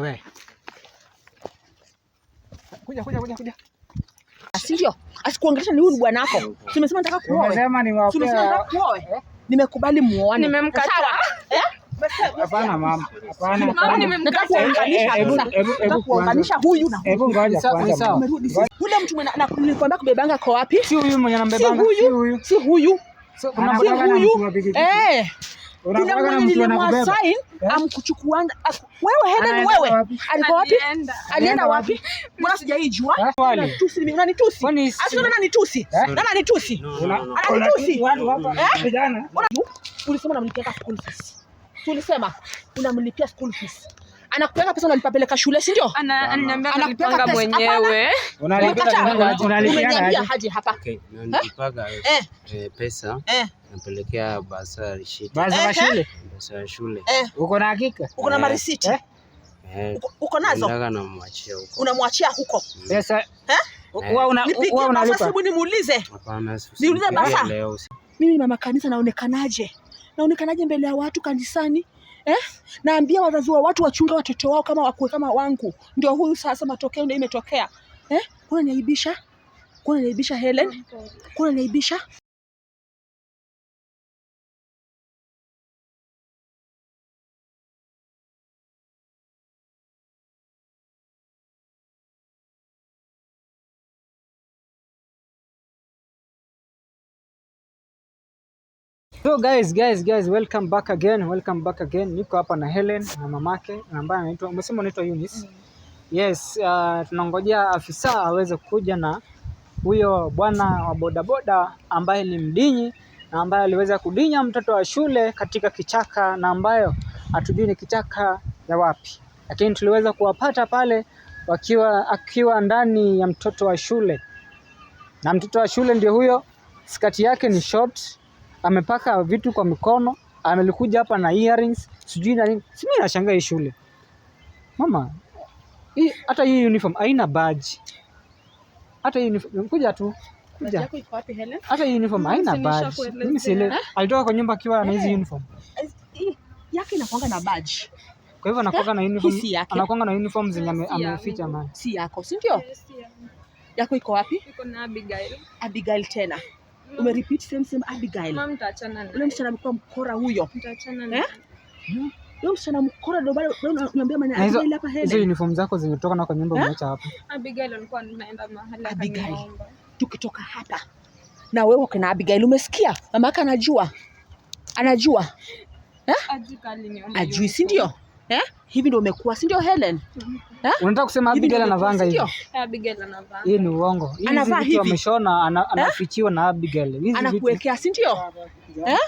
wewe. Kuja kuja kuja kuja. Asivyo, ah, asikuongelesha ah, ni huyu ni bwanako. Tumesema nataka kuoa. Eh? Nimekubali muone. Nimemkataa. Eh? Hapana mama. Hapana. Nataka kuunganisha eh, eh, huyu na huyu. ngoja kwanza. Yule mtu mwenye nilikwambia kubebanga kwa wapi? Si huyu mwenye anambebanga. Si huyu. Si huyu. Si huyu. Eh. Yule mwenye nilimwasain eh? amkuchukua wewe, Helen wewe, alikuwa wapi? Alienda wapi? Mbona sijaijua? Eh? Tusi nani? Tusi asio ah, nani? Tusi eh? nani? Tusi Tusi vijana, ulisema unamlipia school fees, tulisema unamlipia school fees anakupeleka pesa unalipapeleka shule, si ndio? Anakupeleka mwenyewe unalipia hadi hapa eh. Eh, pesa eh. napelekea basari shule. Basari Basari shule. shule. Uko na hakika? Uko na marisiti? Eh. Uko nazo? Unamwachia huko mm. pesa Hebu nimuulize, niulize basa, mimi mama kanisa naonekanaje? Naonekanaje mbele ya watu kanisani? eh? Naambia wazazi wa watu wachunge watoto wao kama wakue kama wangu. Ndio huyu sasa matokeo ndio imetokea eh? Kuna naibisha, kuna naibisha Helen? kuna naibisha So guys, guys, guys, welcome back again, welcome back again. Niko hapa na Helen na mamake ambaye anaitwa umesema anaitwa Eunice. Mm. Yes, uh, tunangojea afisa aweze kuja na huyo bwana wa bodaboda ambaye ni mdinyi na ambaye aliweza kudinya mtoto wa shule katika kichaka na ambayo hatujui ni kichaka ya wapi, lakini tuliweza kuwapata pale wakiwa akiwa ndani ya mtoto wa shule, na mtoto wa shule ndio huyo, skati yake ni short amepaka vitu kwa mikono, amelikuja hapa na earrings, sijui na nini. Si mimi nashangaa hii shule. Mama, hii hata hii uniform haina badge. Hata hii uniform kuja tu. Kuja. Hata hii uniform haina badge. Mimi sile. Eh? Alitoka kwa nyumba akiwa na hizi eh. uniform. Eh, yake inakuanga na badge. Kwa hivyo anakuanga na uniform, anakuanga na uniform zenye ameficha mama. Si yako, si ndio? Yako iko wapi? Iko na Abigail. Abigail tena umerepeat same same Abigail. Ule msichana amekuwa mkora huyo. Eh? Ule msichana mkora ndio bado unaniambia maana hizo hapa hele. Hizo uniform zako zimetoka na kwa nyumba eh? umeacha hapa. Abigail alikuwa anaenda mahali Abigail. Tukitoka hapa na wewe uko na Abigail, umesikia? Mama yake anajua, anajua eh? Ajui, si ndio? Eh? Hivi ndio umekuwa, si ndio Helen? Mm-hmm. Eh? Unataka kusema Abigail anavanga hivi? Eh, Abigail anavanga. Hii ni uongo. Hizi vitu ameshona eh? anafichiwa na Abigail. Hizi anakuwekea, si ndio? Eh?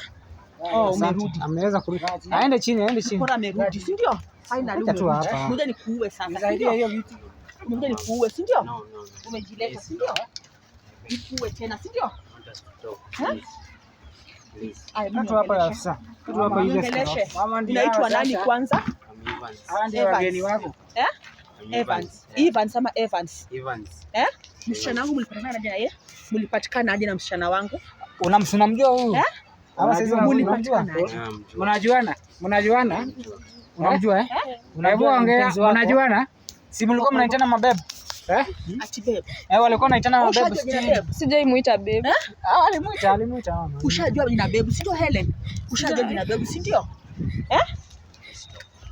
Oh, oh umerudi. Ameweza kurudi. Aende chini, aende chini. Bora amerudi, si ndio? Finally umerudi. Ngoja nikuue sasa. Ngoja nikuue, si ndio? Umejileta, si ndio? Nikuue tena, si ndio? Please. Eh? Ai, mtu hapa sasa. Mtu hapa ile sasa. Inaitwa nani kwanza? wageni wako eh? Evans. Eh. Evans ama Evans. Evans. Eh? Msichana wangu mlipatikana aje na msichana wangu? Unamsunamjua huyu? Eh? Mnajuana? Mnajuana? Unamjua eh? Unajua ongea, mnajuana? Si mlikuwa mnaitana mabebe? Eh? Hmm? bebe. Eh, walikuwa wanaitana oh, mabebe. Sijaimuita bebe. Ah, alimuita, alimuita. Ushajua jina bebe, si ndio Helen? Ushajua jina bebe, si ndio? Eh?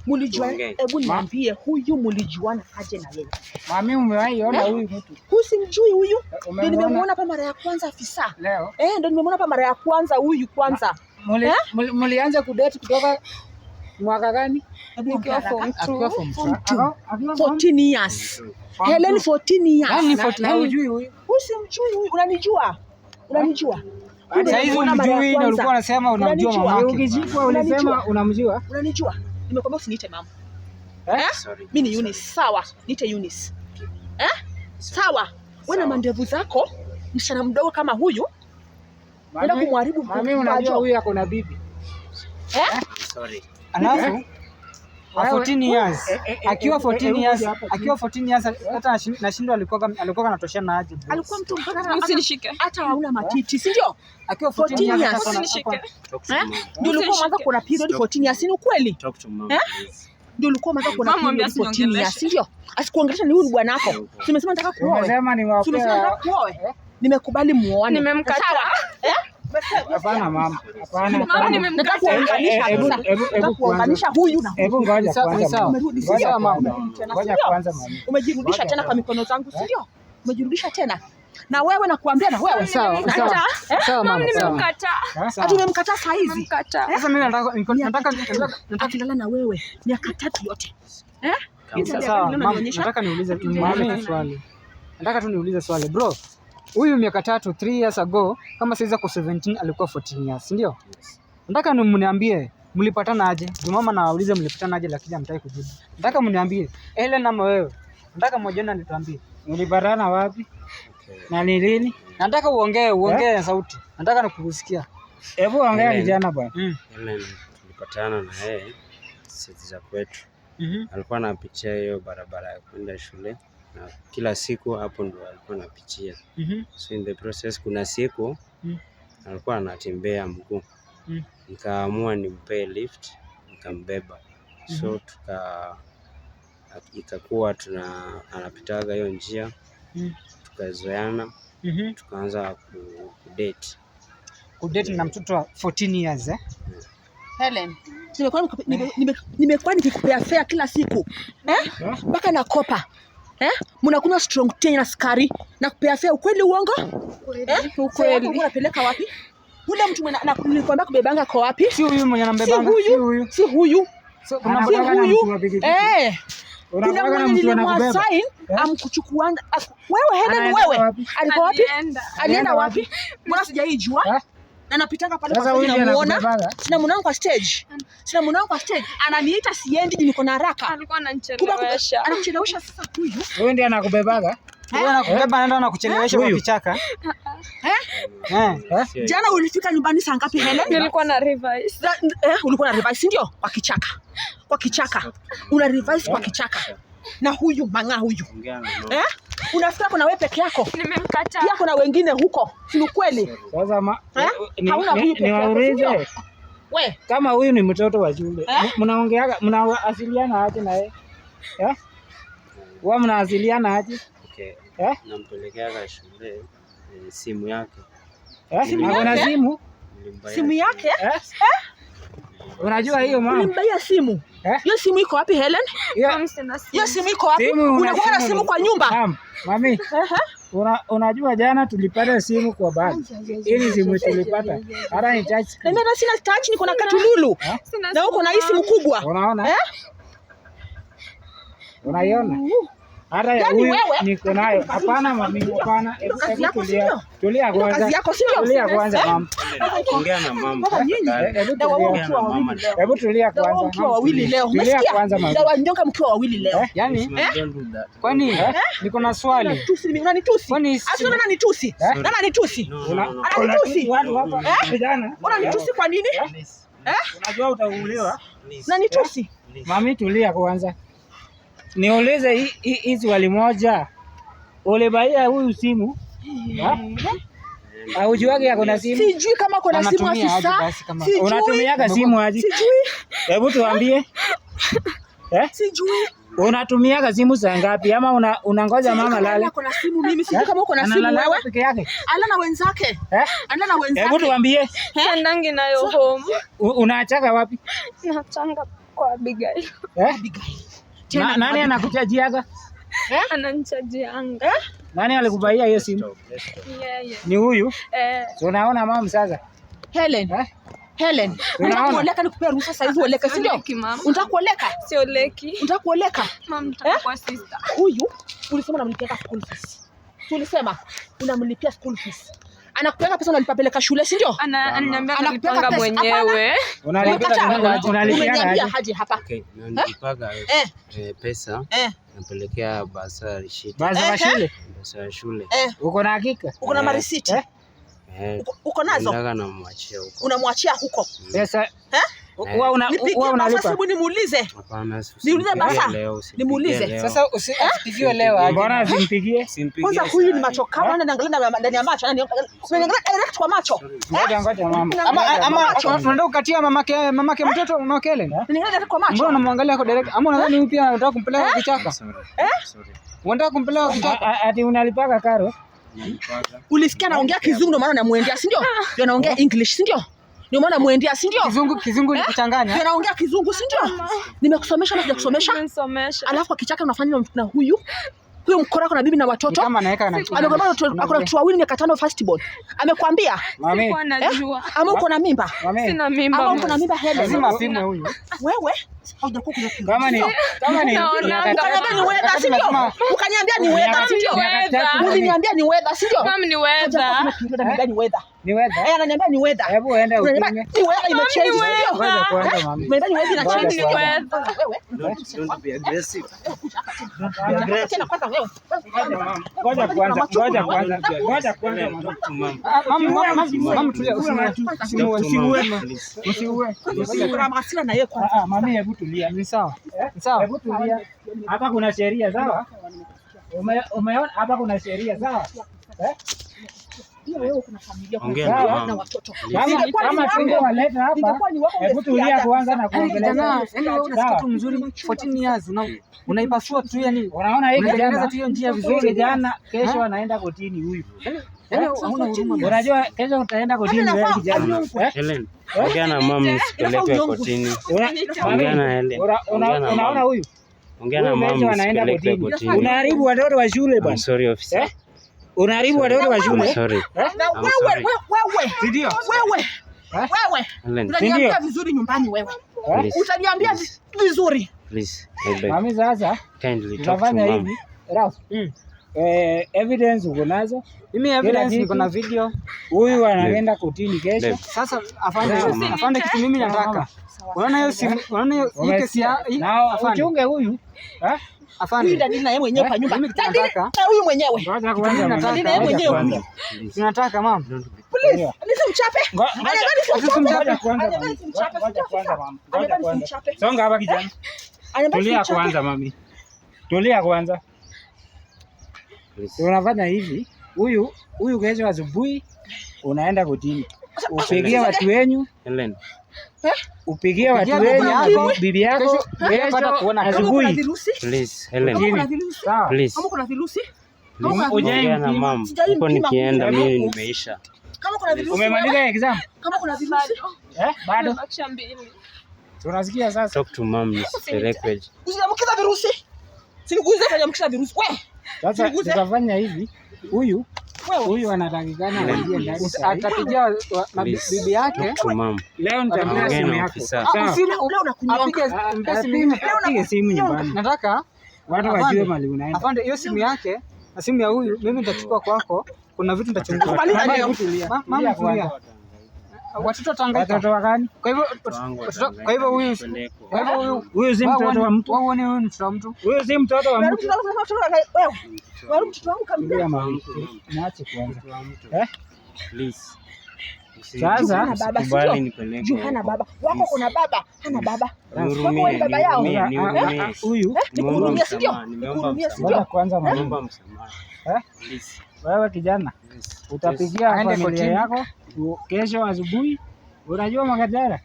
Mulijuana, hebu niambie huyu mulijuana aje na yeye? Mami, umewahi ona eh? huyu mtu? Huyu simjui eh, huyu. Ndio nimemuona hapa mara ya kwanza afisa. Leo. Eh, ndio nimemuona hapa mara ya kwanza huyu kwanza. Eh? Mulianza kudate kutoka mwaka gani? Helen 14 years. Yaani 14 hujui huyu. Huyu simjui huyu. Unanijua? Unanijua? Sasa hivi unamjui Unanijua? Nimekwambia usiniite mama. Eh? eh? Mimi ni Eunice, sawa. Niite Yunis. Eh? Sawa. Wewe na mandevu zako, msichana mdogo kama huyu, unaenda kumharibu mama. Mimi unajua huyu yako na bibi. Eh? eh? Sorry. Alafu eh? E- e- e- akiwa 14 years akiwa 14 years hata nashindwa alikuwa alikuwa anatoshana aje? Alikuwa mtu mpaka usinishike, hata hauna matiti, si ndio? Akiwa 14 years usinishike, eh? ndio ulikuwa mwanzo kuna period 14 years, ni ukweli eh? ndio ulikuwa mwanzo kuna period 14 years, si ndio? Asikuongelesha ni huyu bwanako, nimesema nataka kuoa, nimesema nataka kuoa, nimekubali muoane, nimemkataa Hapana mama, hapana. Mama nimemkata eh, kuunganisha. huyu na Hebu ngoja kwanza. Ngoja mama. Ngoja kwanza mama. Umejirudisha tena kwa mikono zangu, eh? si ndio? Umejirudisha tena. Na wewe nakuambia na wewe. Sawa. Sawa eh? saa hizi. Sasa mimi nataka nataka nataka na wewe miaka tatu yote. Eh? Sawa. Nataka niulize tu swali. Nataka tu niulize swali. Bro, huyu miaka tatu 3 years ago kama siweza ku 17 alikuwa 14 years, ndio? Yes. Nataka mniambie mlipatana aje? Ndio mama nawaulize mlipatana aje, lakini hamtaki kujibu. Nataka mniambie Hellen ama wewe. Nataka mmoja wenu anitambie. mlipatana wapi? Okay. Na ni lini? Nataka uongee, uongee yeah, sauti. Nataka nikusikia. Hebu ongea kijana bwana. Mm. Hellen tulipatana na yeye sisi za kwetu. Mm -hmm. Alikuwa anapitia hiyo barabara ya kwenda shule na kila siku hapo ndo alikuwa anapitia. mm -hmm. So in the process kuna siku mm -hmm. alikuwa anatembea mguu mm -hmm. nikaamua nimpee lift nikambeba. mm -hmm. So tuka ikakuwa tuna anapitaga hiyo njia mm -hmm. tukazoeana. mm -hmm. tukaanza date yeah. na mtoto wa 14 years eh? yeah. Helen, nimekuwa nikikupea fea kila siku eh? mpaka eh? nakopa Eh? Mnakunywa strong tea na sukari na kupea fea ukweli uongo? Ukweli. Eh? Ukweli. Unapeleka wapi? Ule mtu mwenye nilikwambia kubebanga kwa wapi? Si huyu mwenye anambebanga. Si huyu. Si huyu. si huyu. Eh. Kuna mwenye nilimwa sign eh? amkuchukuanga. Wewe ni wewe. Alikuwa wapi? Alienda wapi? Mbona sijaijua? Eh? na napitanga pale kwa sababu namuona sina mwanangu kwa stage, sina mwanangu kwa stage, ananiita siendi, niko na haraka. Alikuwa ananichelewesha, anachelewesha. Sasa huyu huyu ndiye anakubebaga, huyu anakubeba, anaenda anakuchelewesha kwa kichaka. Eh? Eh? Eh? Jana ulifika nyumbani saa ngapi Helen? Nilikuwa na revise. Eh, ulikuwa na revise ndio? Kwa kichaka, kwa kichaka, una revise kwa kichaka na huyu manga huyu eh? Unafikiri kuna wewe peke yako? Nimemkata. Pia kuna wengine huko, si ukweli? Sasa ma eh? eh hauna huyu peke yako. Niwaulize. We, kama huyu ni mtoto wa shule eh? Mnaongeaga, mnaasiliana aje na yeye eh? Wewe mnaasiliana aje? Okay. Eh? Nampelekea shule eh, simu yake. Eh, simu yake? Simu yake? Eh? Unajua hiyo mama. Nilimbaia simu. Eh? Hiyo eh? Simu iko wapi Helen? Hiyo yeah. Simu iko wapi? Unakuwa na simu kwa nyumba? Naam. Mami. Una, unajua jana tulipata simu kwa bank. Ili simu tulipata. Hata ni touch. Mimi na sina touch, niko na katululu. Na uko na hii simu kubwa. Unaona? Eh? Unaiona? Hata ya yaani huyu niko nayo. Hapana mami, hapana. Tulia kwanza. Tulia kwanza mama. Ongea na mama. Hebu tulia kwanza. Mkiwa wawili leo. Tulia kwanza mama. Dawa nyoka mkiwa wawili leo. Eh, yaani? Eh? Kwani eh? niko na swali. Tusi ni nani tusi? Kwani ah, sio nani ni tusi? Nani ni tusi? Ana tusi. Watu hapa vijana. Una ni tusi kwa nini? Eh? Unajua utauliwa. Na ni tusi. Mami tulia kwanza niulize hizi wali moja ulibaia huyu simu eh. aujuage ako na simu? Sijui kama ako na simu afisa. Unatumiaga simu aje? Sijui. Hebu tuambie. Eh? Sijui. Unatumiaga simu saa ngapi ama una, unangoja mama lale? Ako na simu mimi, eh? sijui kama uko na simu wewe. Peke yake. Ana na wenzake. Eh? Ana na wenzake. Hebu tuambie. Eh? Andangi nayo home. Unaachaka wapi? Nachanga kwa Abigail. Eh? Abigail tena. Nani anakuchajiaga? Eh? Ananichajianga. Eh? Nani alikubaia hiyo simu? Yeah, yeah. Ni huyu? Eh. Unaona mama sasa? Helen. Eh? Helen, unataka kuoleka nikupea ruhusa saizi uoleke, si ndio? Unataka kuoleka? Sioleki. Unataka kuoleka? Mama, eh? nitakuwa sister. Huyu ulisema unamlipia school fees. Tulisema unamlipia school fees anakupeleka pesa unalipapeleka shule, si ndio? Anakupeleka mwenyewe, unalipiana hadi hapa. Eh, pesa eh. napelekea basa eh, eh? shule, uko na hakika, uko na marisiti uko nazo unamwachia huko mm. pesa unalipa. sasa. leo, Kwanza huyu ni macho kama na ndani ya macho, na direct kwa macho. Ngoja ngoja, mama ama unataka kukatia mamake mamake mtoto mamake ile, direct kwa macho. Mbona unamwangalia kwa direct? Ama unadhani pia anataka kumpeleka kichaka? Eh, unataka kumpeleka kichaka ati unalipaka karo Ulisikia naongea Kizungu ndio maana namuendea, si ndio? Ah. Ndio naongea English, si ndio? Ndio maana muendea, si ndio? Kizungu Kizungu eh? ni kuchanganya Ndio naongea Kizungu, si ndio? Nimekusomesha na sijakusomesha? Nimekusomesha. Alafu akichaka unafanya na huyu huyo mkora ako na bibi na watoto, amekwambia ako na watoto wawili, miaka tano, first born. Amekwambia eh? ama uko na mimba? Sina mimba. Ama uko na mimba? Wewe Ukaniambia ni weather, uliniambia ni weather, si ndio? Mama, ni weather. Ni weather. Ni weather. Eh, ananiambia ni weather. Hebu enda ukinywe. Ni weather imechange, si ndio? Ngoja kwanza mama. Mimi ni weather inachange. Ni weather. Eh, Don't be aggressive. Eh, eh, tena kwanza wewe. Ngoja kwanza. Ngoja kwanza. Ngoja kwanza ah, ah, mama. Mama, mama tulia usimuue. Usimuue. Usimuue. Kuna hasira na yeye kwanza. Ah, ah mami hebu Hebu tulia, ni sawa, eh? ni sawa. Hebu tulia, hapa kuna sheria sawa. Umeona hapa kuna sheria sawa. unaipasua tu, yani unaona hii kijana tu hiyo njia vizuri. Kijana kesho anaenda kotini huyu, yaani unajua kesho utaenda kotini wewe kijana Ongea na mama msipeleke kotini. Unaona huyu? Ongea na mama msipeleke kotini. Unaharibu watoto wa shule bwana. Sorry officer. Eh? Unaharibu watoto wa shule. Eh? Sorry. Wewe wewe. Ndio. Wewe. Eh? Wewe. Unaniambia vizuri nyumbani wewe. Utaniambia vizuri. Please. Mami sasa. Kindly talk to mama. Ralph. Mm. Eh, evidence uko nazo? Mimi evidence niko na video. Huyu anaenda kotini kesho. Sasa afande, afande kitu mimi nataka. Unaona hiyo simu, unaona hiyo kesi ya nao uchunge huyu. Eh? Afande. Mimi ndani na yeye mwenyewe kwa eh? nyumba. Nataka. Huyu mwenyewe. Nataka yeye mwenyewe. Ninataka mama. Please, nisimchape. Nisimchape kwanza. Ngoja kwanza mama. Ngoja kwanza. Songa hapa kijana. Tulia kwanza mami. Tulia kwanza. Unafanya hivi, huyu huyu, kesho asubuhi unaenda kutini, upigie watu wenyu eh? upigie watu wenyu bibi yako kesho asubuhi. Please Ongea na mama huko, nikienda mimi nimeisha. Umemaliza exam? Kama kuna virusi? Eh, bado. Tunasikia sasa. Talk to mom, Miss Pelekwej. Usiambukiza virusi. Siniguze kama amkisha virusi. Wewe. Sasa tutafanya hivi, huyu huyu anatakikana aingie ndani, atapigia bibi yake leo. Nitapiga simu yako, apige ah, simu nyumbani, nataka watu wajue mali unaenda. Afande, hiyo simu yake na simu ya huyu mimi nitachukua kwako. Kuna vitu nitachunguza. Mama, watoto wa Tanganyika. Watoto wa gani? Kwa hivyo kwa hivyo huyu kwa hivyo huyu huyu si mtoto wa mtu. Wao ni mtoto wa mtu. Huyu si mtoto wa mtu. Wewe. Wewe mtoto wangu kamili. Niache kwanza. Eh? Please. Sasa Juu hana baba wako, kuna baba hana baba, Wako ni baba yao eh? Eh? Ah, ah, huyu. Eh? Nikuhurumia, si sio? Kwanza Eh? wewe kijana utapigia familia yako kesho asubuhi. Unajua Magadara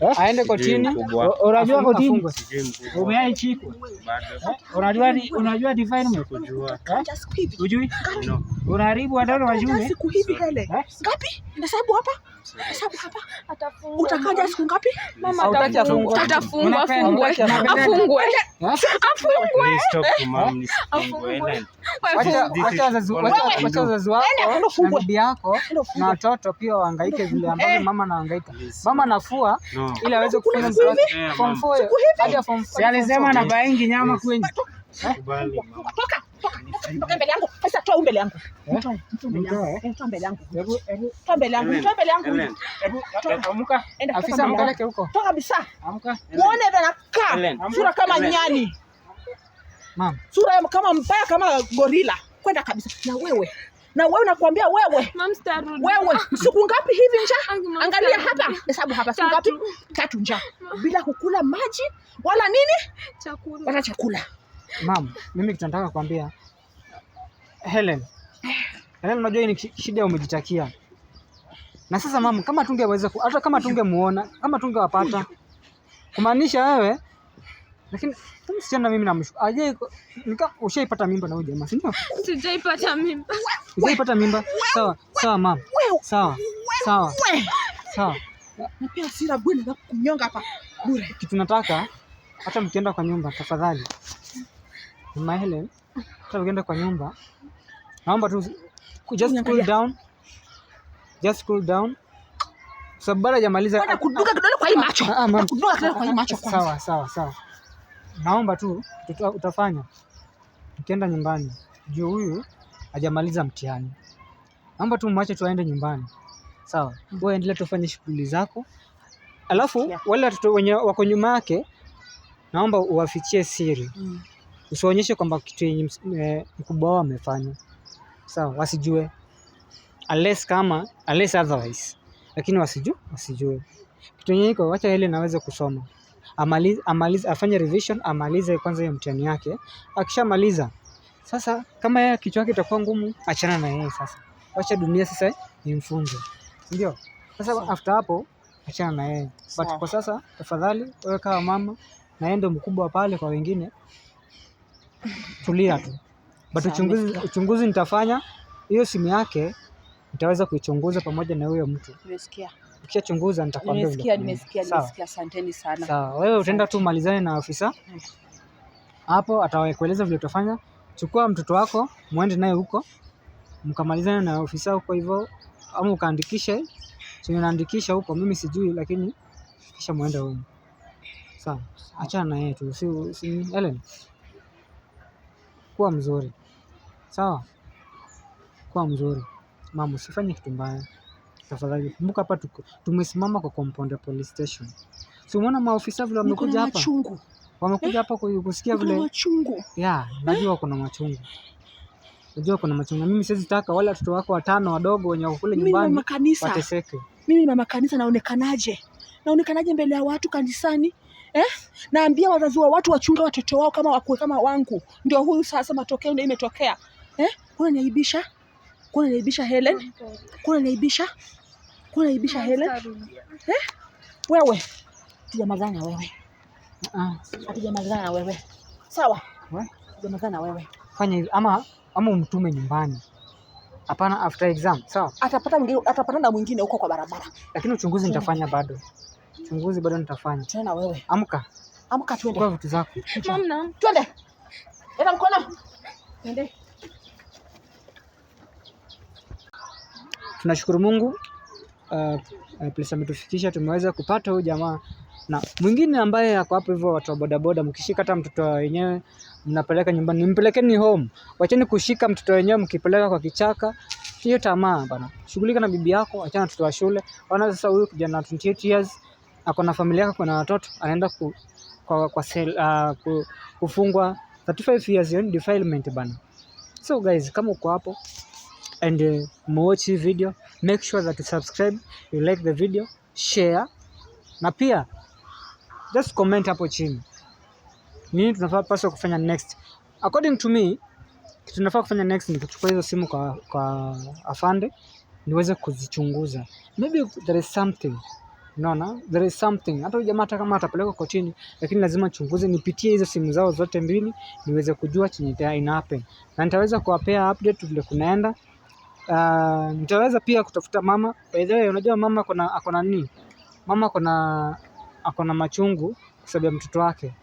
eh? aende kotini, unajua kotini, umeaichikwa, unajua unajua defilement, unajui, unaharibu watoto wa shule ngapi? Hesabu hapa Utakaja siku ngapi? Wacha wazazi wako na bibi yako na watoto pia waangaike vile ambavyo eh. mama anaangaika Mama nafua ili aweze kufanya form 4 Alisema na baingi nyama kwenye. Eh? Toka mbele yangu sasa, toa mbele yangu, toa mbele yangu, toa mbele yangu, toa mbele yangu. afisa, mpeleke huko, toa kabisa. Amka muone anakaa sura kama nyani, mama sura kama mbaya, kama gorila. Kwenda kabisa na wewe na wewe nakwambia, wewe wewe, siku ngapi hivi nja Angalia hapa, hesabu hapa, siku ngapi? Tatu nja bila kukula maji wala nini, wala chakula Mam, mimi kitu nataka kuambia Helen, Helen, unajua hii ni shida umejitakia. Na sasa mam, kama tungeweza hata kama tungemuona kama tungewapata, kumaanisha wewe, lakini msichana mimi namshukuru, ushaipata mimba na huyu jamaa, si ndio? Sijaipata mimba. Sijaipata mimba. Sawa sawa mam, sawa sawa sawa. Na pia sina bwana kunyonga hapa bure. Kitu nataka hata mkienda kwa nyumba, tafadhali Helen, hata ukienda kwa nyumba, naomba tu just cool down, just cool down, sababu bado hajamaliza kuduka kidole kwa hii macho, ah, ah, kuduka kidole kwa hii macho. Sawa sawa sawa, naomba tu utafanya ukienda nyumbani, juu huyu hajamaliza mtihani. Naomba tu mwache tu nyumbani, sawa? Mm. Wewe endelea tufanye shughuli zako, alafu wale watoto wenye wako nyuma yake naomba uwafichie siri mm usionyeshe kwamba kitu yenye eh, mkubwa wao amefanya sawa, wasijue unless kama unless otherwise, lakini wasijue, wasijue kitu yenye iko. Wacha ile naweza kusoma amalize, amalize, afanye revision, amalize kwanza hiyo mtihani yake. Akishamaliza sasa, kama yeye kichwa yake itakuwa ngumu, achana na yeye sasa, wacha dunia sasa imfunze, ndio sasa so. After hapo achana na yeye so. But kwa sasa tafadhali wewe kama mama na yeye ndio mkubwa pale kwa wengine tulia tu, but uchunguzi, uchunguzi nitafanya. Hiyo simu yake nitaweza kuichunguza pamoja na huyo mtu. Nimesikia. Ukishachunguza nitakwambia. Nimesikia, nimesikia, nimesikia. Asanteni sana. Sawa, wewe utaenda tu malizane na afisa mm. hapo, atawaeleza vile utafanya. Chukua mtoto wako muende naye huko mkamalizane na afisa huko hivyo, ama ukaandikishe chenye unaandikisha huko, mimi sijui, lakini kisha muende huko. Sawa, achana na yeye tu, si si, Helen kuwa mzuri. Sawa kuwa mzuri mama usifanye kitu mbaya tafadhali kumbuka hapa tumesimama kwa compound ya police station si umeona maofisa vile wamekuja hapa wamekuja hapa kusikia vile machungu yeah najua kuna machungu najua kuna machungu mimi siwezi taka wale watoto wako watano wadogo wenye wako kule nyumbani wateseke mimi mama kanisa naonekanaje naonekanaje mbele ya watu kanisani eh? Naambia wazazi wa watu wachunge watoto wao kama wakue kama wangu. Ndio huyu sasa matokeo ndio imetokea eh? Kuna niaibisha? kuna niaibisha Helen, kuna niaibisha? kuna niaibisha Helen eh? Wewe tujamazana wewe, Ah, uh -uh. Wewe sawa, Wewe. tujamazana wewe, fanya hivi ama ama umtume nyumbani. Hapana, after exam sawa. Atapata mwingine, atapata na mwingine huko kwa barabara, lakini uchunguzi nitafanya bado. Chunguzi bado nitafanya. Tena wewe. Amka. Amka twende. Kwa vitu zako. Mama, twende. Enda mkono. Twende. Tunashukuru Mungu uh, uh, Prisca ametufikisha tumeweza kupata huyu jamaa na mwingine ambaye ako hapo hivyo, watu wa bodaboda, mkishika hata mtoto wenyewe mnapeleka nyumbani, nimpelekeni home. Wacheni kushika mtoto wenyewe mkipeleka kwa kichaka, hiyo tamaa bana. Shughulika na bibi yako, achana na mtoto wa shule. Wana sasa, huyu kijana 28 years ako na familia yake, kuna watoto, anaenda ku, kwa, kwa sel, uh, ku, kufungwa 35 years on defilement bana. So guys, kama uko hapo and uh, eh, muwatch hii video, make sure that you subscribe, you like the video, share na pia just comment hapo chini nini tunafaa paswa kufanya next. According to me kitu tunafaa kufanya next ni kuchukua hizo simu kwa, kwa afande niweze kuzichunguza, maybe there is something Unaona, there is something. Hata huyu jamaa hata kama atapelekwa kotini, lakini lazima chunguze, nipitie hizo simu zao zote mbili niweze kujua chenye ina happen, na nitaweza kuwapea update vile kunaenda. Uh, nitaweza pia kutafuta mama. By the way, unajua mama akona akona nini? Mama akona akona machungu kwa sababu ya mtoto wake,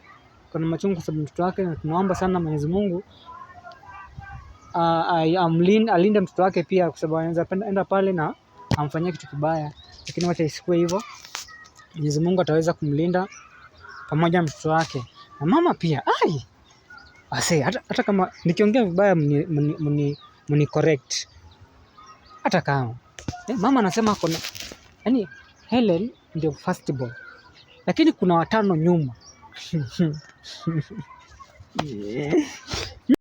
kuna machungu kwa sababu ya mtoto wake, na tunaomba sana Mwenyezi Mungu uh, ah, amlinde mtoto wake pia, kwa sababu anaweza enda pale na amfanyia kitu kibaya lakini wacha isikue hivyo. Mwenyezi Mungu ataweza kumlinda pamoja na mtoto wake na mama pia. Ai ase hata, hata kama nikiongea vibaya mni, mni, mni, mni correct hata kama eh, mama anasema kuna yani Helen ndio first born lakini kuna watano nyuma